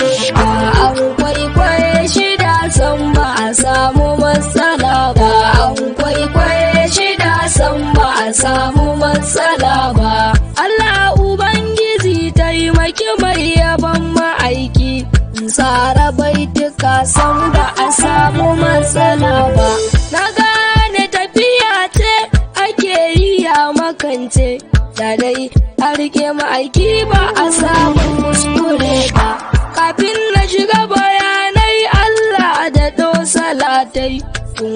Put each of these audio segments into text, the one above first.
an kwaikwaye shida san ba a samu matsala ba an kwaikwaye shida san ba a samu matsala ba Allah Ubangiji taimaki mai yaban ma'aiki tsara baituka san ba a samu matsala ba na gane tafiya ce ake yi ya makance da dai a rike ma'aiki ba a samu shiga bayanai Allah da salatai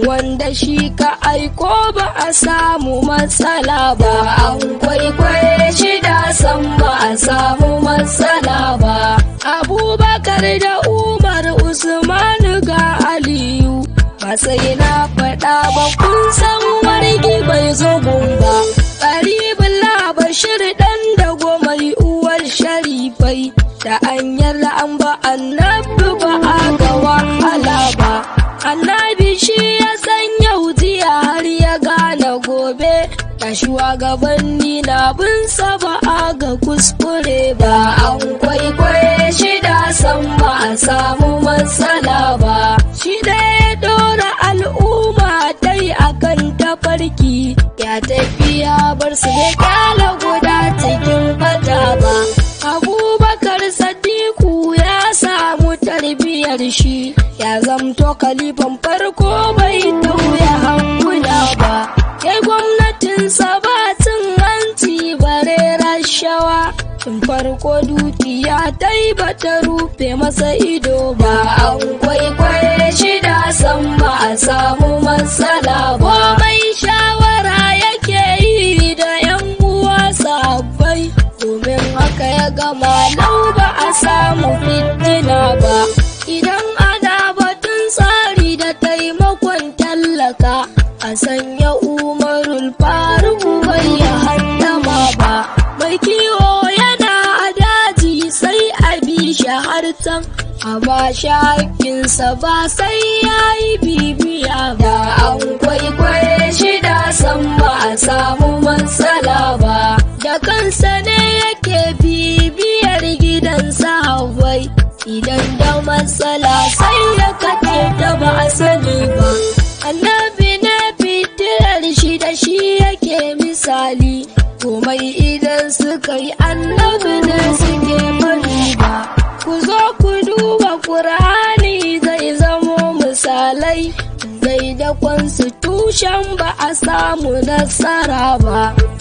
wanda shi ka aiko ba a samu matsala ba an kwaikwaye shi da san ba a samu matsala ba abubakar da umar usman ga aliyu ba sai na faɗa ba kun san wargi bai zo gumba ƙaribin Bashir, ɗan da gomai uwar sharifai da anyar an annabi ba a ga wahala ba annabi shi ya san yau jiya har ya gane gobe da shugabanni na binsa ba a ga kuskure ba an kwaikwaye shi da san ba a samu matsala ba shi da ya dora al'umma dai akan tafarki ya tafiya bar su da kyalo. ƙarshe ya zamto kalifan farko bai wuya hankula ba ke gwamnatin sabatin hanci bare rashawa tun farko dukiya ta yi ba ta rufe masa ido ba an kwaikwaye shida san ba a samu matsala ba mai shawara yake yi da yan uwa sabbai domin haka ya gama lau ba a samu fit ka a sanya umarul faruku bai ya handama ba mai kiwo yana a daji sai a bi shi har A amma shakinsa ba sai ya yi bibiya ba an kwaikwaye shi da san ba a samu matsala ba da kansa ne yake bibiyar gidan gidansa hawai idan da matsala sai ya kake da ba a sani ba kai annabi ne suke bari ba ku zo ku duba ƙur'ani zai zamo misalai zai da kwansu tushen ba a samu nasara ba